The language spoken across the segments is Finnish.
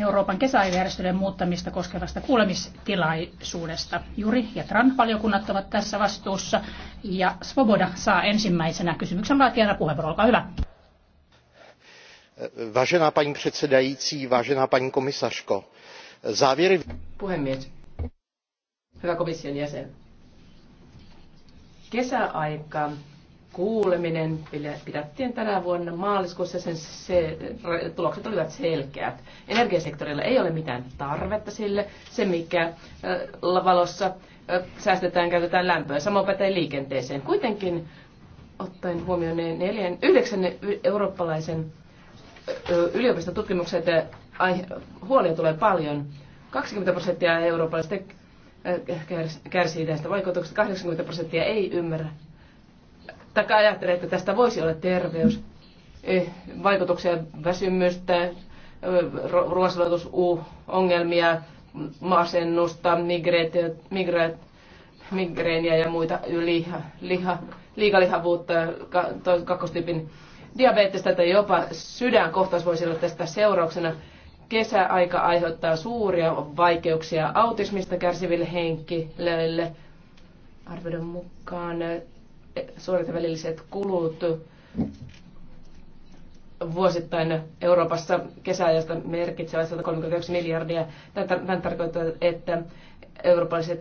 Euroopan kesäjärjestöjen muuttamista koskevasta kuulemistilaisuudesta. Juri ja Tran valiokunnat ovat tässä vastuussa ja Svoboda saa ensimmäisenä kysymyksen laatijana puheenvuoro. Olkaa hyvä. Vážená paní předsedající, vážená paní komisařko, závěry... Puhemies, hyvä komission jäsen. Kesäaika kuuleminen pidättiin tänä vuonna maaliskuussa ja sen se, tulokset olivat selkeät. Energiasektorilla ei ole mitään tarvetta sille. Se, mikä valossa säästetään, käytetään lämpöä. Samoin pätee liikenteeseen. Kuitenkin ottaen huomioon ne neljän, yhdeksän eurooppalaisen yliopistotutkimukset, huolia tulee paljon. 20 prosenttia eurooppalaisista kärsii tästä vaikutuksesta, 80 prosenttia ei ymmärrä tai ajattelee, että tästä voisi olla terveys, eh, vaikutuksia väsymystä, eh, ruoansulatusongelmia, masennusta, migreeniä ja muita liha, liha, liikalihavuutta, kakkostyypin diabetesta tai jopa sydänkohtaus voisi olla tästä seurauksena. Kesäaika aiheuttaa suuria vaikeuksia autismista kärsiville henkilöille. Arvioiden mukaan eh, suuret välilliset kulut vuosittain Euroopassa kesäajasta merkitsevät 131 miljardia. Tämä tarkoittaa, että eurooppalaiset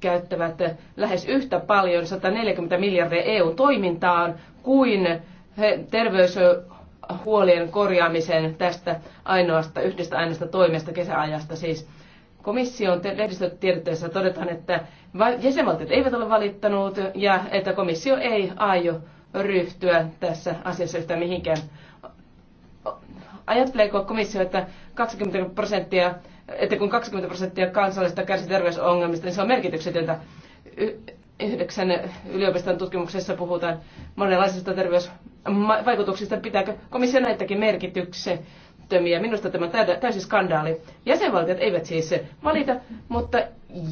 käyttävät lähes yhtä paljon 140 miljardia EU-toimintaan kuin he terveyshuolien korjaamiseen tästä ainoasta, yhdestä ainoasta toimesta kesäajasta. Siis komission lehdistötiedotteessa todetaan, että jäsenvaltiot eivät ole valittanut ja että komissio ei aio ryhtyä tässä asiassa yhtään mihinkään. Ajatteleeko komissio, että 20 prosenttia, että kun 20 prosenttia kansalaisista kärsii terveysongelmista, niin se on merkityksetöntä. Yhdeksän yliopiston tutkimuksessa puhutaan monenlaisista terveysvaikutuksista. Pitääkö komissio näitäkin merkitykse, työttömiä. Minusta tämä on täysin skandaali. Jäsenvaltiot eivät siis valita, mutta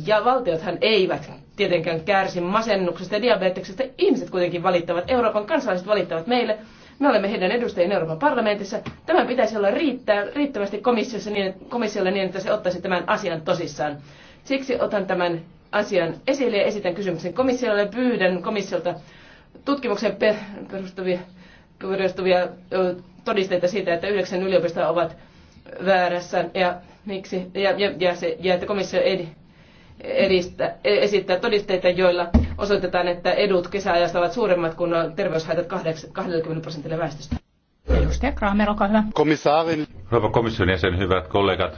ja valtiothan eivät tietenkään kärsi masennuksesta ja diabeteksesta. Ihmiset kuitenkin valittavat, Euroopan kansalaiset valittavat meille. Me olemme heidän edustajien Euroopan parlamentissa. Tämän pitäisi olla riittää, riittävästi komissiossa niin, komissiolle niin, että se ottaisi tämän asian tosissaan. Siksi otan tämän asian esille ja esitän kysymyksen komissiolle ja pyydän komissiolta tutkimuksen perustuvia, perustuvia todisteita siitä, että yhdeksän yliopistoa ovat väärässä ja, miksi, ja, ja, ja, se, ja että komissio ed, edistä, esittää todisteita, joilla osoitetaan, että edut kesäajasta ovat suuremmat kuin terveyshaitat 20 prosentille väestöstä. Edustaja Kramer, olkaa hyvä. Komissaarin. Rouva komission jäsen, hyvät kollegat.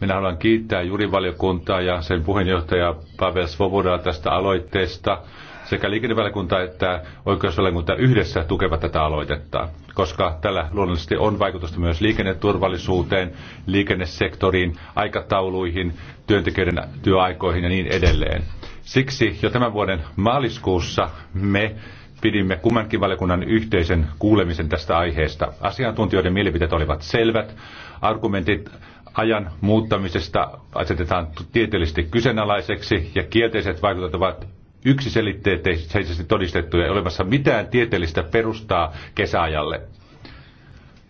Minä haluan kiittää juurivaliokuntaa ja sen puheenjohtaja Pavel Svobodaa tästä aloitteesta sekä liikennevaliokunta että oikeusvaliokunta yhdessä tukevat tätä aloitetta, koska tällä luonnollisesti on vaikutusta myös liikenneturvallisuuteen, liikennesektoriin, aikatauluihin, työntekijöiden työaikoihin ja niin edelleen. Siksi jo tämän vuoden maaliskuussa me pidimme kummankin valiokunnan yhteisen kuulemisen tästä aiheesta. Asiantuntijoiden mielipiteet olivat selvät. Argumentit ajan muuttamisesta asetetaan tieteellisesti kyseenalaiseksi ja kielteiset vaikutukset ovat yksiselitteisesti todistettuja, ja olemassa mitään tieteellistä perustaa kesäajalle.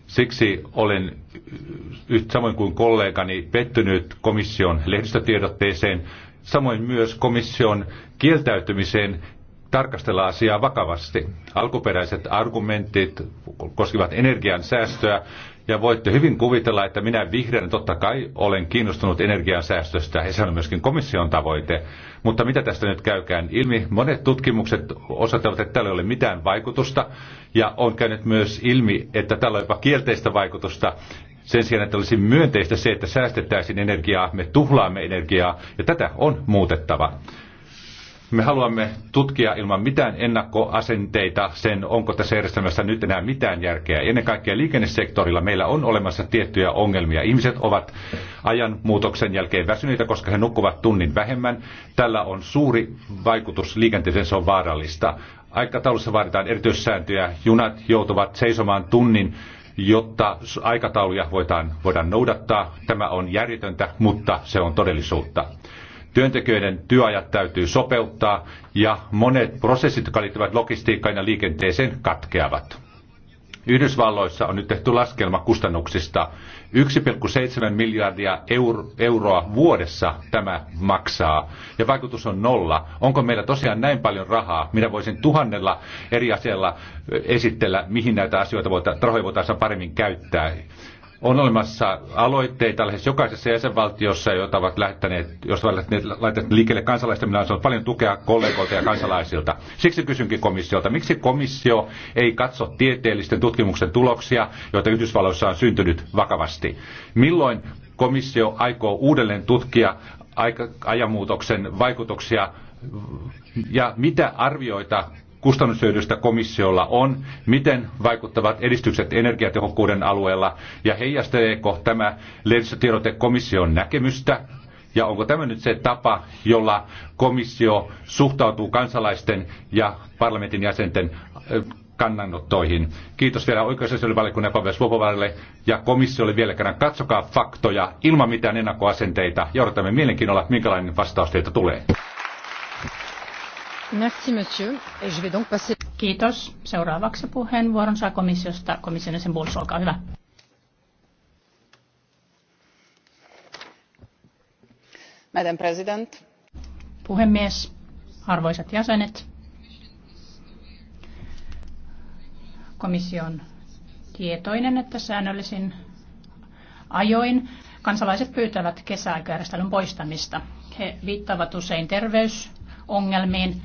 Siksi olen samoin kuin kollegani pettynyt komission lehdistötiedotteeseen, samoin myös komission kieltäytymiseen tarkastella asiaa vakavasti. Alkuperäiset argumentit koskivat energian säästöä, ja voitte hyvin kuvitella, että minä vihreän totta kai olen kiinnostunut energian säästöstä, ja se on myöskin komission tavoite. Mutta mitä tästä nyt käykään ilmi? Monet tutkimukset osoittavat, että tällä ei ole mitään vaikutusta, ja on käynyt myös ilmi, että tällä on jopa kielteistä vaikutusta, sen sijaan, että olisi myönteistä se, että säästettäisiin energiaa, me tuhlaamme energiaa, ja tätä on muutettava. Me haluamme tutkia ilman mitään ennakkoasenteita sen, onko tässä järjestelmässä nyt enää mitään järkeä. Ennen kaikkea liikennesektorilla meillä on olemassa tiettyjä ongelmia. Ihmiset ovat ajan muutoksen jälkeen väsyneitä, koska he nukkuvat tunnin vähemmän. Tällä on suuri vaikutus liikenteeseen, se on vaarallista. Aikataulussa vaaditaan erityissääntöjä. Junat joutuvat seisomaan tunnin jotta aikatauluja voidaan, voidaan noudattaa. Tämä on järjetöntä, mutta se on todellisuutta. Työntekijöiden työajat täytyy sopeuttaa ja monet prosessit, jotka liittyvät logistiikkaan ja liikenteeseen, katkeavat. Yhdysvalloissa on nyt tehty laskelma kustannuksista. 1,7 miljardia euroa vuodessa tämä maksaa ja vaikutus on nolla. Onko meillä tosiaan näin paljon rahaa? Minä voisin tuhannella eri asialla esitellä, mihin näitä asioita voitaisiin, rahoja voitaisiin paremmin käyttää. On olemassa aloitteita lähes jokaisessa jäsenvaltiossa, joita ovat lähteneet, jos ovat laittaneet liikkeelle kansalaisten. Minä olen saanut paljon tukea kollegoilta ja kansalaisilta. Siksi kysynkin komissiolta, miksi komissio ei katso tieteellisten tutkimuksen tuloksia, joita Yhdysvalloissa on syntynyt vakavasti? Milloin komissio aikoo uudelleen tutkia aika, ajanmuutoksen vaikutuksia ja mitä arvioita kustannushyödystä komissiolla on, miten vaikuttavat edistykset energiatehokkuuden alueella ja heijasteleeko tämä lehdistötiedote komission näkemystä ja onko tämä nyt se tapa, jolla komissio suhtautuu kansalaisten ja parlamentin jäsenten kannanottoihin. Kiitos vielä oikeusasioiden Pavel Svobovalle ja komissiolle vielä kerran. Katsokaa faktoja ilman mitään ennakkoasenteita ja odotamme mielenkiinnolla, minkälainen vastaus teiltä tulee. Kiitos. Seuraavaksi puheenvuoron saa komissiosta komission jäsen Bulls, olkaa hyvä. Madam President. Puhemies, arvoisat jäsenet. komission tietoinen, että säännöllisin ajoin kansalaiset pyytävät kesäaikajärjestelyn poistamista. He viittaavat usein terveysongelmiin,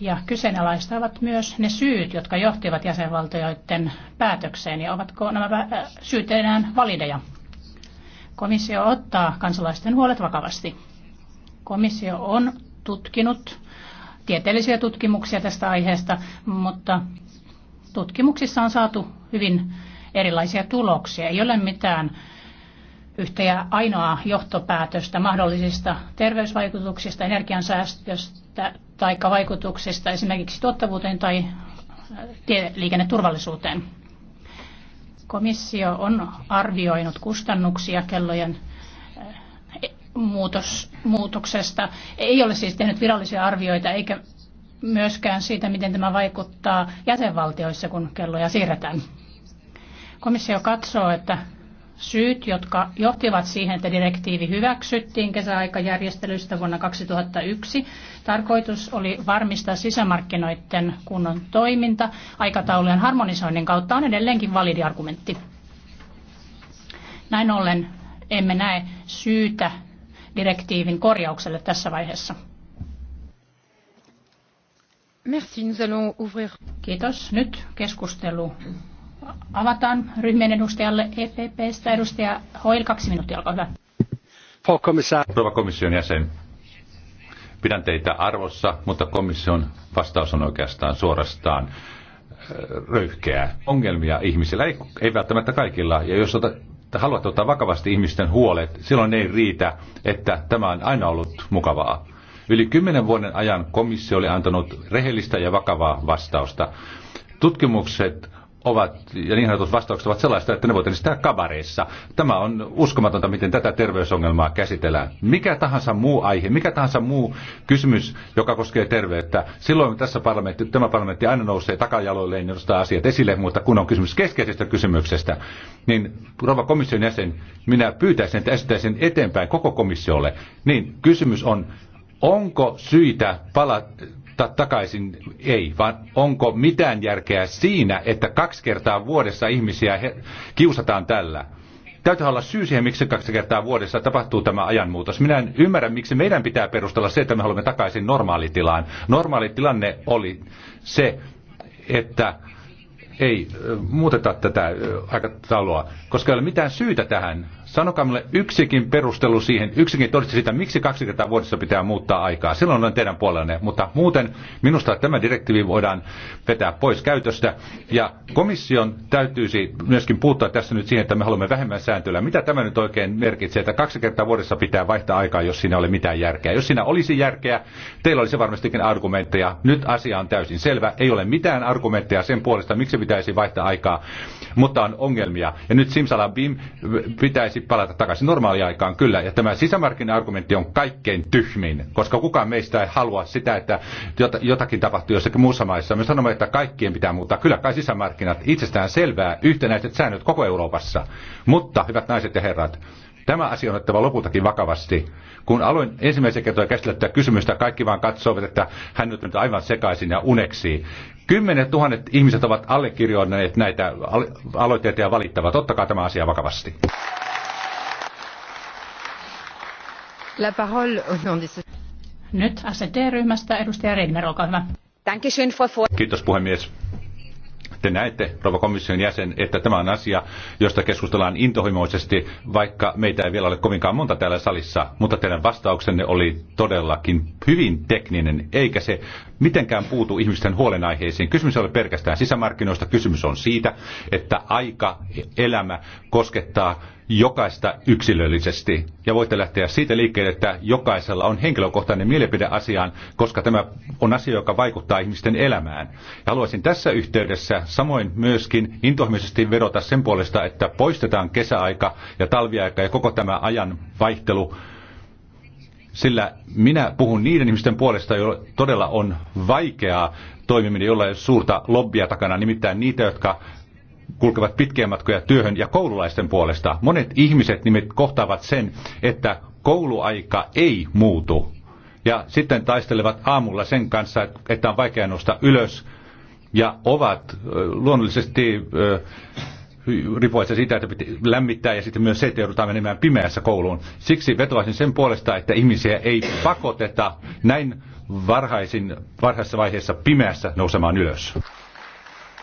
ja kyseenalaistavat myös ne syyt, jotka johtivat jäsenvaltioiden päätökseen ja ovatko nämä äh, syyt enää valideja. Komissio ottaa kansalaisten huolet vakavasti. Komissio on tutkinut tieteellisiä tutkimuksia tästä aiheesta, mutta tutkimuksissa on saatu hyvin erilaisia tuloksia. Ei ole mitään yhtä ja ainoaa johtopäätöstä mahdollisista terveysvaikutuksista, energiansäästöstä, tai vaikutuksesta esimerkiksi tuottavuuteen tai äh, tieliikenneturvallisuuteen. Komissio on arvioinut kustannuksia kellojen äh, e, muutos, muutoksesta. Ei ole siis tehnyt virallisia arvioita eikä myöskään siitä, miten tämä vaikuttaa jäsenvaltioissa, kun kelloja siirretään. Komissio katsoo, että syyt, jotka johtivat siihen, että direktiivi hyväksyttiin kesäaikajärjestelystä vuonna 2001. Tarkoitus oli varmistaa sisämarkkinoiden kunnon toiminta. Aikataulujen harmonisoinnin kautta on edelleenkin validi argumentti. Näin ollen emme näe syytä direktiivin korjaukselle tässä vaiheessa. Merci, nous allons ouvrir. Kiitos. Nyt keskustelu avataan ryhmien edustajalle EPPstä. Edustaja Hoil, kaksi minuuttia, olkaa hyvä. Rouva komission jäsen, pidän teitä arvossa, mutta komission vastaus on oikeastaan suorastaan äh, röyhkeää. Ongelmia ihmisillä, ei, ei välttämättä kaikilla. Ja jos ota, haluatte ottaa vakavasti ihmisten huolet, silloin ei riitä, että tämä on aina ollut mukavaa. Yli kymmenen vuoden ajan komissio oli antanut rehellistä ja vakavaa vastausta. Tutkimukset ovat, ja niin sanotut vastaukset ovat sellaista, että ne voivat esittää kabareissa. Tämä on uskomatonta, miten tätä terveysongelmaa käsitellään. Mikä tahansa muu aihe, mikä tahansa muu kysymys, joka koskee terveyttä, silloin tässä parlamentti, tämä parlamentti aina nousee takajaloilleen ja nostaa asiat esille, mutta kun on kysymys keskeisestä kysymyksestä, niin rouva komission jäsen, minä pyytäisin, että esittäisin eteenpäin koko komissiolle. Niin kysymys on, onko syitä pala, ta- takaisin. Ei, vaan onko mitään järkeä siinä, että kaksi kertaa vuodessa ihmisiä kiusataan tällä? Täytyy olla syy siihen, miksi kaksi kertaa vuodessa tapahtuu tämä ajanmuutos. Minä en ymmärrä, miksi meidän pitää perustella se, että me haluamme takaisin normaalitilaan. Normaali tilanne oli se, että ei muuteta tätä aikataulua, koska ei ole mitään syytä tähän. Sanokaa minulle yksikin perustelu siihen, yksikin todiste sitä, miksi kaksi kertaa vuodessa pitää muuttaa aikaa. Silloin on teidän puolellanne, mutta muuten minusta tämä direktiivi voidaan vetää pois käytöstä. Ja komission täytyisi myöskin puuttua tässä nyt siihen, että me haluamme vähemmän sääntelyä. Mitä tämä nyt oikein merkitsee, että kaksi kertaa vuodessa pitää vaihtaa aikaa, jos siinä ole mitään järkeä. Jos siinä olisi järkeä, teillä olisi varmastikin argumentteja. Nyt asia on täysin selvä. Ei ole mitään argumentteja sen puolesta, miksi pitäisi vaihtaa aikaa mutta on ongelmia. Ja nyt Simsalabim pitäisi palata takaisin normaaliaikaan, kyllä. Ja tämä sisämarkkina-argumentti on kaikkein tyhmin, koska kukaan meistä ei halua sitä, että jotakin tapahtuu jossakin muussa maissa. Me sanomme, että kaikkien pitää muuttaa. Kyllä kai sisämarkkinat itsestään selvää, yhtenäiset säännöt koko Euroopassa. Mutta, hyvät naiset ja herrat, Tämä asia on otettava lopultakin vakavasti. Kun aloin ensimmäisen kertaa käsitellä tätä kysymystä, kaikki vaan katsovat, että hän nyt aivan sekaisin ja uneksii. Kymmenet tuhannet ihmiset ovat allekirjoittaneet näitä aloitteita ja valittavat. Ottakaa tämä asia vakavasti. La parole au nom Nyt act ryhmästä edustaja Regner, olkaa hyvä. Kiitos puhemies. Te näette, rouva komission jäsen, että tämä on asia, josta keskustellaan intohimoisesti, vaikka meitä ei vielä ole kovinkaan monta täällä salissa, mutta teidän vastauksenne oli todellakin hyvin tekninen, eikä se mitenkään puutu ihmisten huolenaiheisiin. Kysymys ei ole pelkästään sisämarkkinoista, kysymys on siitä, että aika, elämä koskettaa jokaista yksilöllisesti. Ja voitte lähteä siitä liikkeelle, että jokaisella on henkilökohtainen mielipide asiaan, koska tämä on asia, joka vaikuttaa ihmisten elämään. Ja haluaisin tässä yhteydessä samoin myöskin intohimoisesti vedota sen puolesta, että poistetaan kesäaika ja talviaika ja koko tämä ajan vaihtelu sillä minä puhun niiden ihmisten puolesta, joilla todella on vaikeaa toimiminen, jolla ei ole suurta lobbia takana, nimittäin niitä, jotka kulkevat pitkiä matkoja työhön ja koululaisten puolesta. Monet ihmiset nimet kohtaavat sen, että kouluaika ei muutu. Ja sitten taistelevat aamulla sen kanssa, että on vaikea nostaa ylös ja ovat luonnollisesti riippuvaisia siitä, että pitää lämmittää ja sitten myös se, että joudutaan menemään pimeässä kouluun. Siksi vetoaisin sen puolesta, että ihmisiä ei pakoteta näin varhaisin, varhaisessa vaiheessa pimeässä nousemaan ylös.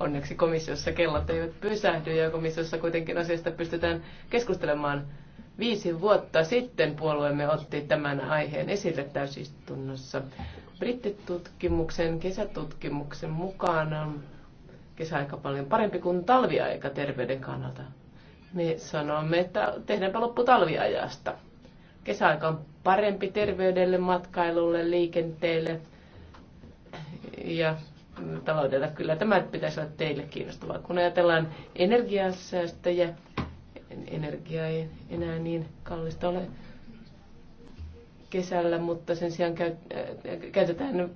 Onneksi komissiossa kellot eivät pysähdy ja komissiossa kuitenkin asiasta pystytään keskustelemaan. Viisi vuotta sitten puolueemme otti tämän aiheen esille täysistunnossa. Brittitutkimuksen kesätutkimuksen mukaan kesäaika paljon parempi kuin talviaika terveyden kannalta. Me sanomme, että tehdäänpä loppu talviajasta. Kesäaika on parempi terveydelle, matkailulle, liikenteelle ja tavoitella. Kyllä tämä pitäisi olla teille kiinnostavaa. Kun ajatellaan energiasäästöjä, energia ei enää niin kallista ole kesällä, mutta sen sijaan äh, käytetään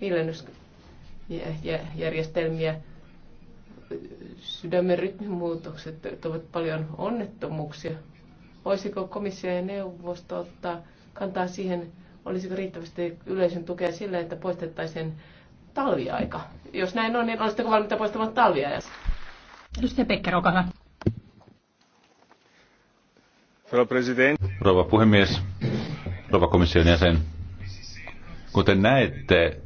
viilennysjärjestelmiä. Sydämen rytmimuutokset ovat paljon onnettomuuksia. Voisiko komissio ja neuvosto ottaa kantaa siihen, olisiko riittävästi yleisön tukea sille, että poistettaisiin talviaika. Jos näin on, niin olisitteko valmiita poistamaan talviajassa? Edustaja Becker, olkaa hyvä. Rouva puhemies, rouva komission jäsen. Kuten näette,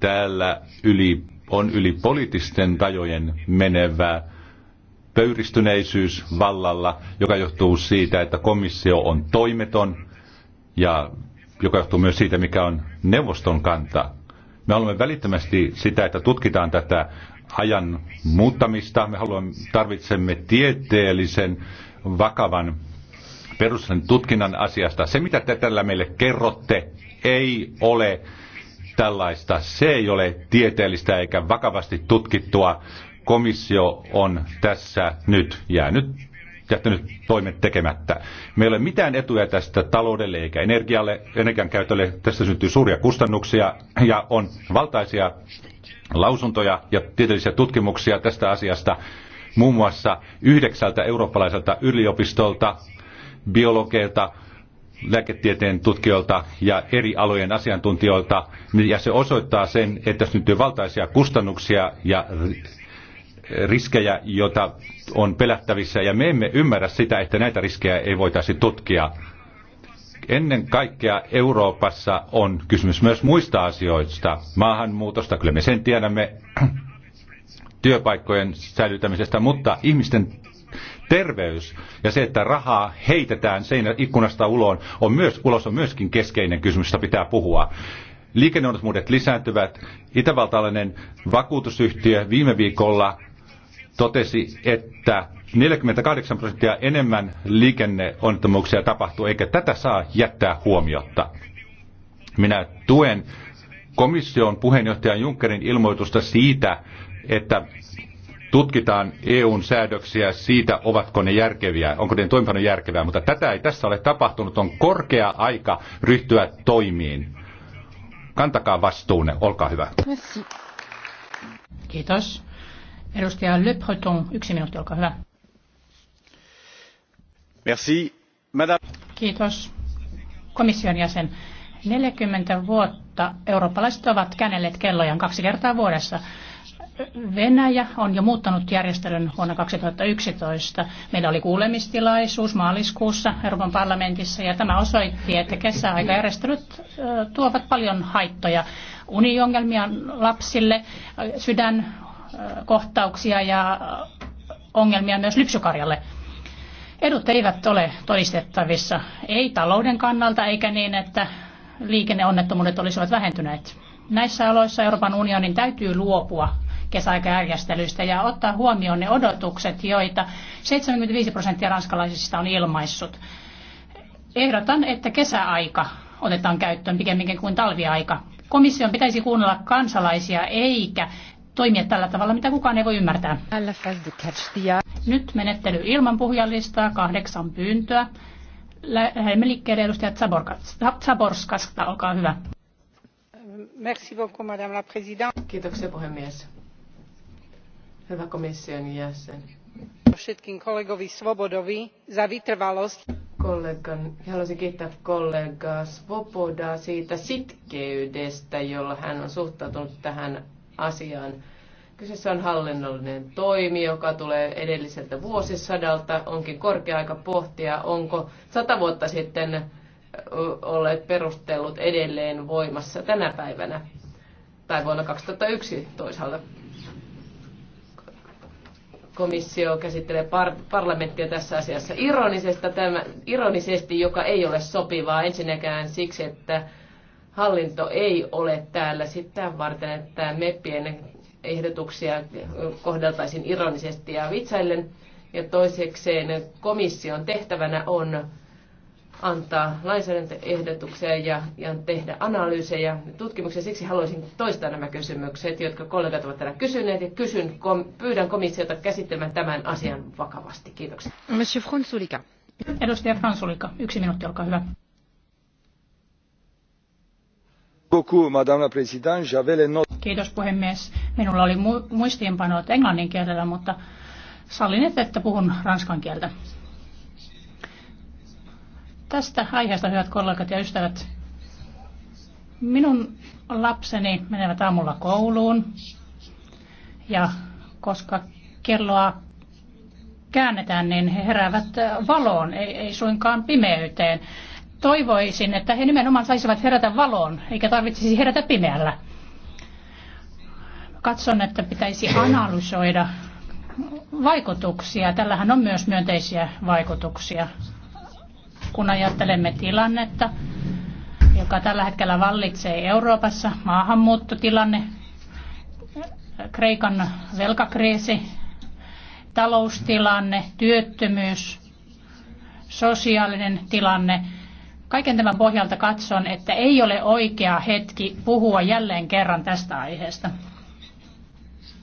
täällä yli, on yli poliittisten rajojen menevää pöyristyneisyys vallalla, joka johtuu siitä, että komissio on toimeton ja joka johtuu myös siitä, mikä on neuvoston kanta. Me haluamme välittömästi sitä, että tutkitaan tätä ajan muuttamista. Me haluamme, tarvitsemme tieteellisen, vakavan perustuslain tutkinnan asiasta. Se, mitä te tällä meille kerrotte, ei ole tällaista. Se ei ole tieteellistä eikä vakavasti tutkittua. Komissio on tässä nyt jäänyt jättänyt toimet tekemättä. Meillä ei ole mitään etuja tästä taloudelle eikä energialle, energian käytölle. Tästä syntyy suuria kustannuksia ja on valtaisia lausuntoja ja tieteellisiä tutkimuksia tästä asiasta muun muassa yhdeksältä eurooppalaiselta yliopistolta, biologeilta, lääketieteen tutkijoilta ja eri alojen asiantuntijoilta, ja se osoittaa sen, että syntyy valtaisia kustannuksia ja riskejä, joita on pelättävissä, ja me emme ymmärrä sitä, että näitä riskejä ei voitaisi tutkia. Ennen kaikkea Euroopassa on kysymys myös muista asioista, maahanmuutosta, kyllä me sen tiedämme, työpaikkojen säilytämisestä, mutta ihmisten terveys ja se, että rahaa heitetään seinä ikkunasta ulos, on myös, ulos on myöskin keskeinen kysymys, josta pitää puhua. Liikenneonnettomuudet lisääntyvät. Itävaltalainen vakuutusyhtiö viime viikolla totesi, että 48 prosenttia enemmän liikenneonnettomuuksia tapahtuu, eikä tätä saa jättää huomiotta. Minä tuen komission puheenjohtajan Junckerin ilmoitusta siitä, että tutkitaan EUn säädöksiä siitä, ovatko ne järkeviä, onko ne toimipano järkevää, mutta tätä ei tässä ole tapahtunut. On korkea aika ryhtyä toimiin. Kantakaa vastuunne, olkaa hyvä. Kiitos. Edustaja Le Breton, yksi minuutti, olkaa hyvä. Merci, madame. Kiitos. Komission jäsen. 40 vuotta eurooppalaiset ovat käännelleet kellojaan kaksi kertaa vuodessa. Venäjä on jo muuttanut järjestelyn vuonna 2011. Meillä oli kuulemistilaisuus maaliskuussa Euroopan parlamentissa ja tämä osoitti, että kesäaikajärjestelyt tuovat paljon haittoja uniongelmia lapsille, sydän kohtauksia ja ongelmia myös lypsykarjalle. Edut eivät ole todistettavissa, ei talouden kannalta eikä niin, että liikenneonnettomuudet olisivat vähentyneet. Näissä oloissa Euroopan unionin täytyy luopua kesäaikajärjestelyistä ja ottaa huomioon ne odotukset, joita 75 prosenttia ranskalaisista on ilmaissut. Ehdotan, että kesäaika otetaan käyttöön pikemminkin kuin talviaika. Komission pitäisi kuunnella kansalaisia eikä toimia tällä tavalla, mitä kukaan ei voi ymmärtää. Nyt menettely ilman puhujalistaa, kahdeksan pyyntöä. Lähdemme liikkeelle edustaja Zaborskasta, olkaa hyvä. Merci beaucoup, madame la présidente. Kiitoksia puhemies. Hyvä komission jäsen. Svobodovi za vytrvalosť. Kollegan, haluaisin kiittää kollegaa Svobodaa siitä sitkeydestä, jolla hän on suhtautunut tähän asiaan. Kyseessä on hallinnollinen toimi, joka tulee edelliseltä vuosisadalta. Onkin korkea aika pohtia, onko sata vuotta sitten olleet perustellut edelleen voimassa tänä päivänä tai vuonna 2001 toisaalta. Komissio käsittelee par- parlamenttia tässä asiassa tämä, ironisesti, joka ei ole sopivaa ensinnäkään siksi, että hallinto ei ole täällä sitä varten, että meppien ehdotuksia kohdeltaisiin ironisesti ja vitsaillen. Ja toisekseen komission tehtävänä on antaa lainsäädäntöehdotuksia ja, ja tehdä analyysejä ja tutkimuksia. Siksi haluaisin toistaa nämä kysymykset, jotka kollegat ovat täällä kysyneet, ja kysyn, kom, pyydän komissiota käsittelemään tämän asian vakavasti. Kiitoksia. Monsieur Fransulika. Edustaja Fransulika, yksi minuutti, olkaa hyvä. Kiitos puhemies. Minulla oli muistiinpanot englannin kielellä, mutta sallinette, että puhun ranskan kieltä. Tästä aiheesta, hyvät kollegat ja ystävät, minun lapseni menevät aamulla kouluun ja koska kelloa käännetään, niin he heräävät valoon, ei, ei suinkaan pimeyteen toivoisin, että he nimenomaan saisivat herätä valoon, eikä tarvitsisi herätä pimeällä. Katson, että pitäisi analysoida vaikutuksia. Tällähän on myös myönteisiä vaikutuksia. Kun ajattelemme tilannetta, joka tällä hetkellä vallitsee Euroopassa, maahanmuuttotilanne, Kreikan velkakriisi, taloustilanne, työttömyys, sosiaalinen tilanne – Kaiken tämän pohjalta katson, että ei ole oikea hetki puhua jälleen kerran tästä aiheesta.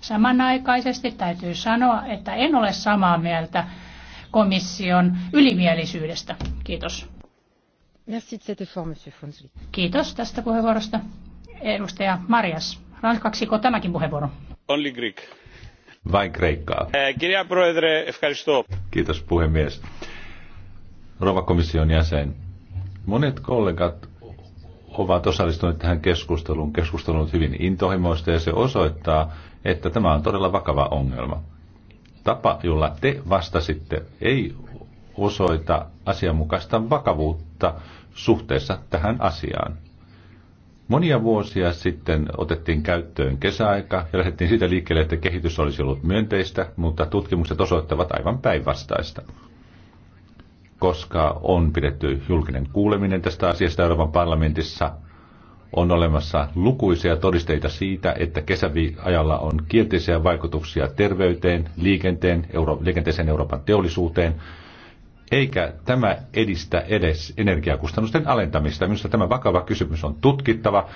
Samanaikaisesti täytyy sanoa, että en ole samaa mieltä komission ylimielisyydestä. Kiitos. Kiitos tästä puheenvuorosta. Edustaja Marias, ranskaksiko tämäkin puheenvuoro? Only Greek. Vain kreikkaa. Eh, kirja Kiitos puhemies. Rova komission jäsen, Monet kollegat ovat osallistuneet tähän keskusteluun. Keskustelu on hyvin intohimoista ja se osoittaa, että tämä on todella vakava ongelma. Tapa, jolla te vastasitte, ei osoita asianmukaista vakavuutta suhteessa tähän asiaan. Monia vuosia sitten otettiin käyttöön kesäaika ja lähdettiin siitä liikkeelle, että kehitys olisi ollut myönteistä, mutta tutkimukset osoittavat aivan päinvastaista koska on pidetty julkinen kuuleminen tästä asiasta Euroopan parlamentissa. On olemassa lukuisia todisteita siitä, että kesäajalla on kielteisiä vaikutuksia terveyteen, liikenteen, euro, liikenteeseen Euroopan teollisuuteen, eikä tämä edistä edes energiakustannusten alentamista. Minusta tämä vakava kysymys on tutkittava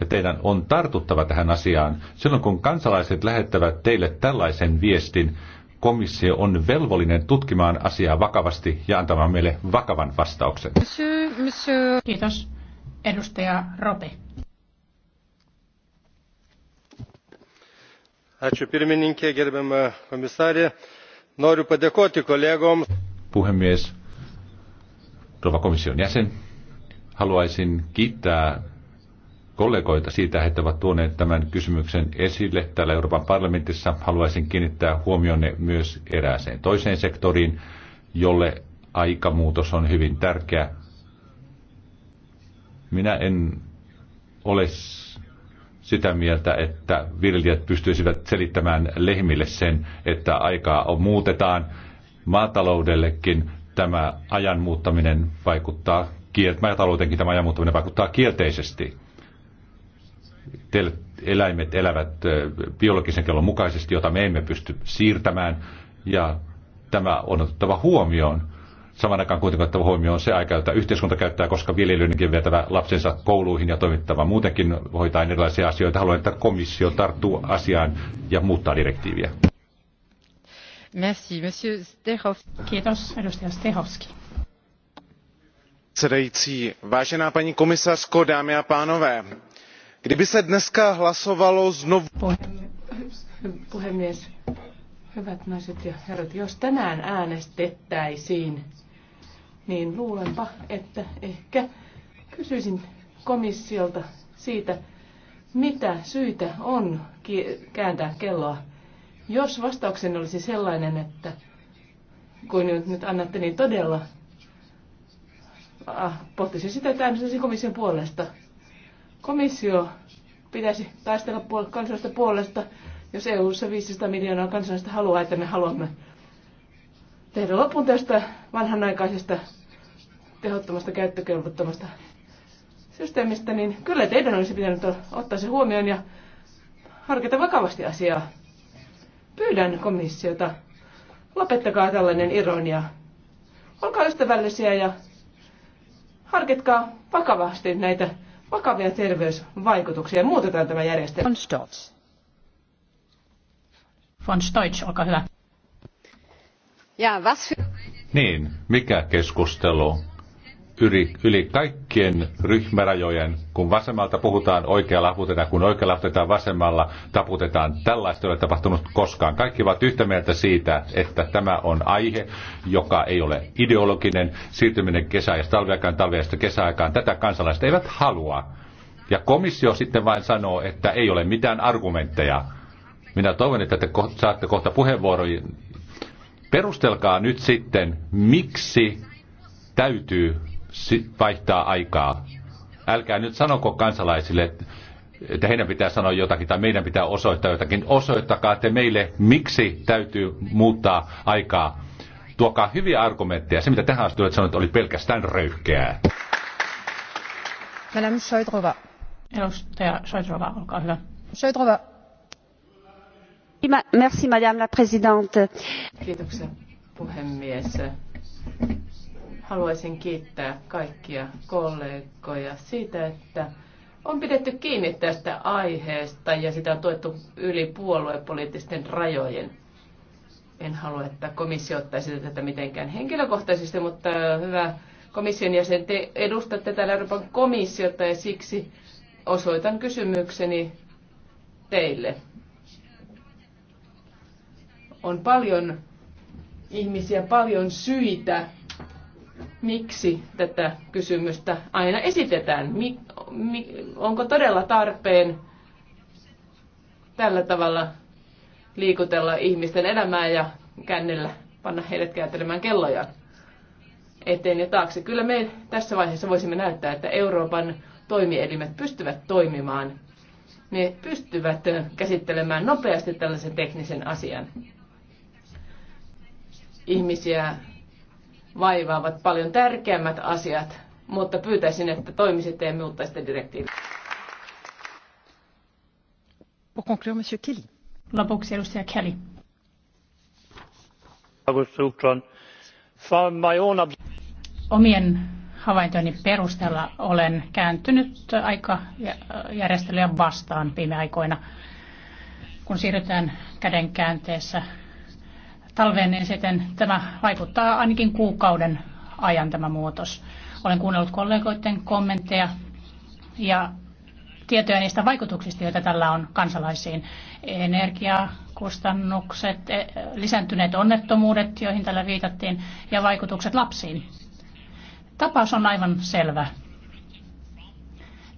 ja teidän on tartuttava tähän asiaan. Silloin kun kansalaiset lähettävät teille tällaisen viestin, komissio on velvollinen tutkimaan asiaa vakavasti ja antamaan meille vakavan vastauksen. Monsieur, monsieur. Kiitos. Edustaja Rope. Ačiū pirmininkė, gerbiama komisarė. Noriu padėkoti kollegoms. Puhemies, rouva komission jäsen, haluaisin kiittää kollegoita siitä, että ovat tuoneet tämän kysymyksen esille täällä Euroopan parlamentissa. Haluaisin kiinnittää huomionne myös erääseen toiseen sektoriin, jolle aikamuutos on hyvin tärkeä. Minä en ole sitä mieltä, että viljelijät pystyisivät selittämään lehmille sen, että aikaa on muutetaan. Maataloudellekin tämä ajan muuttaminen vaikuttaa, maataloutenkin tämä ajan muuttaminen vaikuttaa kielteisesti eläimet elävät biologisen kellon mukaisesti, jota me emme pysty siirtämään, ja tämä on otettava huomioon. Saman aikaan kuitenkin otettava huomioon se aika, jota yhteiskunta käyttää, koska viljelijöidenkin vietävä lapsensa kouluihin ja toimittava muutenkin hoitaa erilaisia asioita. Haluan, että komissio tarttuu asiaan ja muuttaa direktiiviä. Merci, monsieur Stehov. Kiitos, edustaja Stehovski předsedající vážená paní komisařko dámy a pánové kdyby se dnes hlasovalo znovu puhemies hyvät naiset ja herrat jos tänään äänestettäisiin niin luulenpa että ehkä kysyisin komissiolta siitä mitä syitä on kääntää kelloa jos vastauksen olisi sellainen että kuin nyt annatte niin todella ah, pohtisin sitä, että äänestäisin komission puolesta. Komissio pitäisi taistella kansallista puolesta, jos EU-ssa 500 miljoonaa kansalaista haluaa, että me haluamme tehdä lopun tästä vanhanaikaisesta, tehottomasta, käyttökelvottomasta systeemistä, niin kyllä teidän olisi pitänyt ottaa se huomioon ja harkita vakavasti asiaa. Pyydän komissiota, lopettakaa tällainen ironia. Olkaa ystävällisiä ja harkitkaa vakavasti näitä vakavia terveysvaikutuksia. Muutetaan tämä järjestelmä. Von Stolz. Von Stolz, olkaa hyvä. Ja, was für... Niin, mikä keskustelu? yli, yli kaikkien ryhmärajojen. Kun vasemmalta puhutaan, oikealla taputetaan. Kun oikealla taputetaan, vasemmalla taputetaan. Tällaista ei ole tapahtunut koskaan. Kaikki ovat yhtä mieltä siitä, että tämä on aihe, joka ei ole ideologinen. Siirtyminen kesäajasta talviaikaan, talviaista kesäaikaan. Tätä kansalaiset eivät halua. Ja komissio sitten vain sanoo, että ei ole mitään argumentteja. Minä toivon, että te saatte kohta puheenvuoroja. Perustelkaa nyt sitten, miksi täytyy vaihtaa aikaa. Älkää nyt sanoko kansalaisille, että heidän pitää sanoa jotakin tai meidän pitää osoittaa jotakin. Osoittakaa te meille, miksi täytyy muuttaa aikaa. Tuokaa hyviä argumentteja. Se, mitä tähän asti olet sanonut, oli pelkästään röyhkeää. Madame Soitrova. Edustaja Soitrova, olkaa hyvä. Soitrova. Merci, Madame la Présidente. Kiitoksia, puhemies. Haluaisin kiittää kaikkia kollegoja siitä, että on pidetty kiinni tästä aiheesta ja sitä on tuettu yli puoluepoliittisten rajojen. En halua, että komissio ottaisi tätä mitenkään henkilökohtaisesti, mutta hyvä komission jäsen, te edustatte täällä Euroopan komissiota ja siksi osoitan kysymykseni teille. On paljon ihmisiä, paljon syitä miksi tätä kysymystä aina esitetään. Mik, mi, onko todella tarpeen tällä tavalla liikutella ihmisten elämää ja kännellä panna heidät kääntelemään kelloja eteen ja taakse. Kyllä me tässä vaiheessa voisimme näyttää, että Euroopan toimielimet pystyvät toimimaan. Ne pystyvät käsittelemään nopeasti tällaisen teknisen asian. Ihmisiä vaivaavat paljon tärkeämmät asiat, mutta pyytäisin, että toimisitte ja muuttaisitte direktiiviä. Lopuksi edustaja Kelly. Omien havaintojeni perusteella olen kääntynyt järjestelyä vastaan viime aikoina, kun siirrytään käden käänteessä talveen, niin sitten tämä vaikuttaa ainakin kuukauden ajan tämä muutos. Olen kuunnellut kollegoiden kommentteja ja tietoja niistä vaikutuksista, joita tällä on kansalaisiin. Energiakustannukset, e, lisääntyneet onnettomuudet, joihin tällä viitattiin, ja vaikutukset lapsiin. Tapaus on aivan selvä.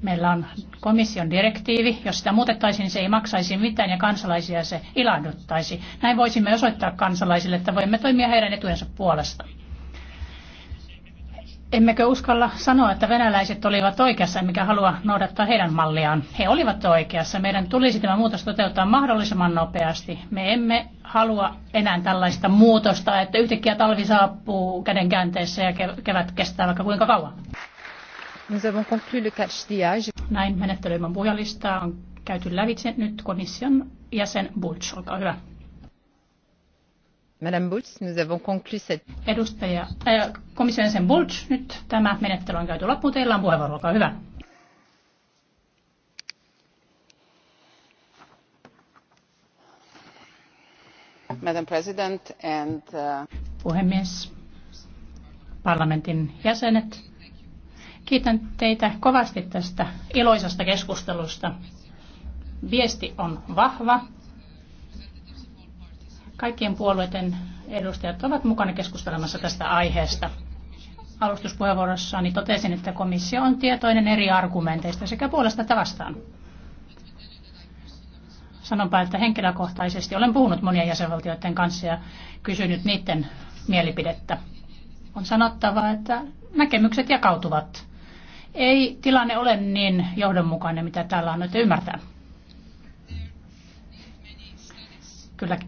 Meillä on komission direktiivi, jos sitä muutettaisiin, se ei maksaisi mitään ja kansalaisia se ilahduttaisi. Näin voisimme osoittaa kansalaisille, että voimme toimia heidän etujensa puolesta. Emmekö uskalla sanoa, että venäläiset olivat oikeassa, mikä halua noudattaa heidän malliaan? He olivat oikeassa. Meidän tulisi tämä muutos toteuttaa mahdollisimman nopeasti. Me emme halua enää tällaista muutosta, että yhtäkkiä talvi saapuu käden käänteessä ja kevät kestää vaikka kuinka kauan. Näin menettelymän puhujalistaa on käyty lävitse. Nyt komission jäsen Bulch, olkaa hyvä. Madame Bulch, nous avons conclu cette... Edustaja, äh, komission jäsen Bulch, nyt tämä menettely on käyty loppuun. Teillä on puheenvuoro, olkaa hyvä. Madam President and, uh... Puhemies, parlamentin jäsenet, Kiitän teitä kovasti tästä iloisesta keskustelusta. Viesti on vahva. Kaikkien puolueiden edustajat ovat mukana keskustelemassa tästä aiheesta. Alustuspuheenvuorossani totesin, että komissio on tietoinen eri argumenteista sekä puolesta että vastaan. Sanonpa, että henkilökohtaisesti olen puhunut monien jäsenvaltioiden kanssa ja kysynyt niiden mielipidettä. On sanottava, että näkemykset jakautuvat ei tilanne ole niin johdonmukainen, mitä täällä on nyt ymmärtää. Kyllä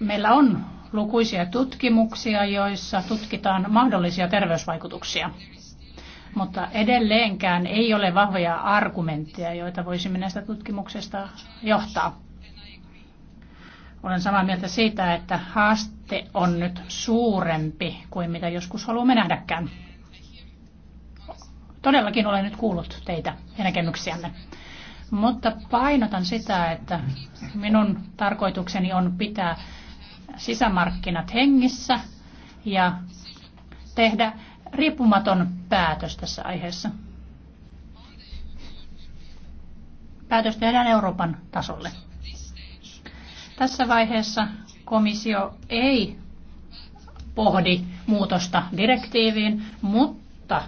meillä on lukuisia tutkimuksia, joissa tutkitaan mahdollisia terveysvaikutuksia. Mutta edelleenkään ei ole vahvoja argumentteja, joita voisimme näistä tutkimuksista johtaa. Olen samaa mieltä siitä, että haaste on nyt suurempi kuin mitä joskus haluamme nähdäkään. Todellakin olen nyt kuullut teitä ja näkemyksiänne. Mutta painotan sitä, että minun tarkoitukseni on pitää sisämarkkinat hengissä ja tehdä riippumaton päätös tässä aiheessa. Päätös tehdään Euroopan tasolle. Tässä vaiheessa komissio ei pohdi muutosta direktiiviin, mutta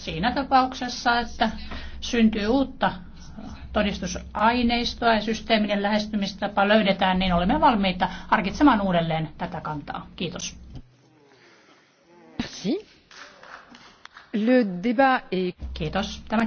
siinä tapauksessa, että syntyy uutta todistusaineistoa ja systeeminen lähestymistapa löydetään, niin olemme valmiita harkitsemaan uudelleen tätä kantaa. Kiitos. Merci. Le débat est... Kiitos. Tämä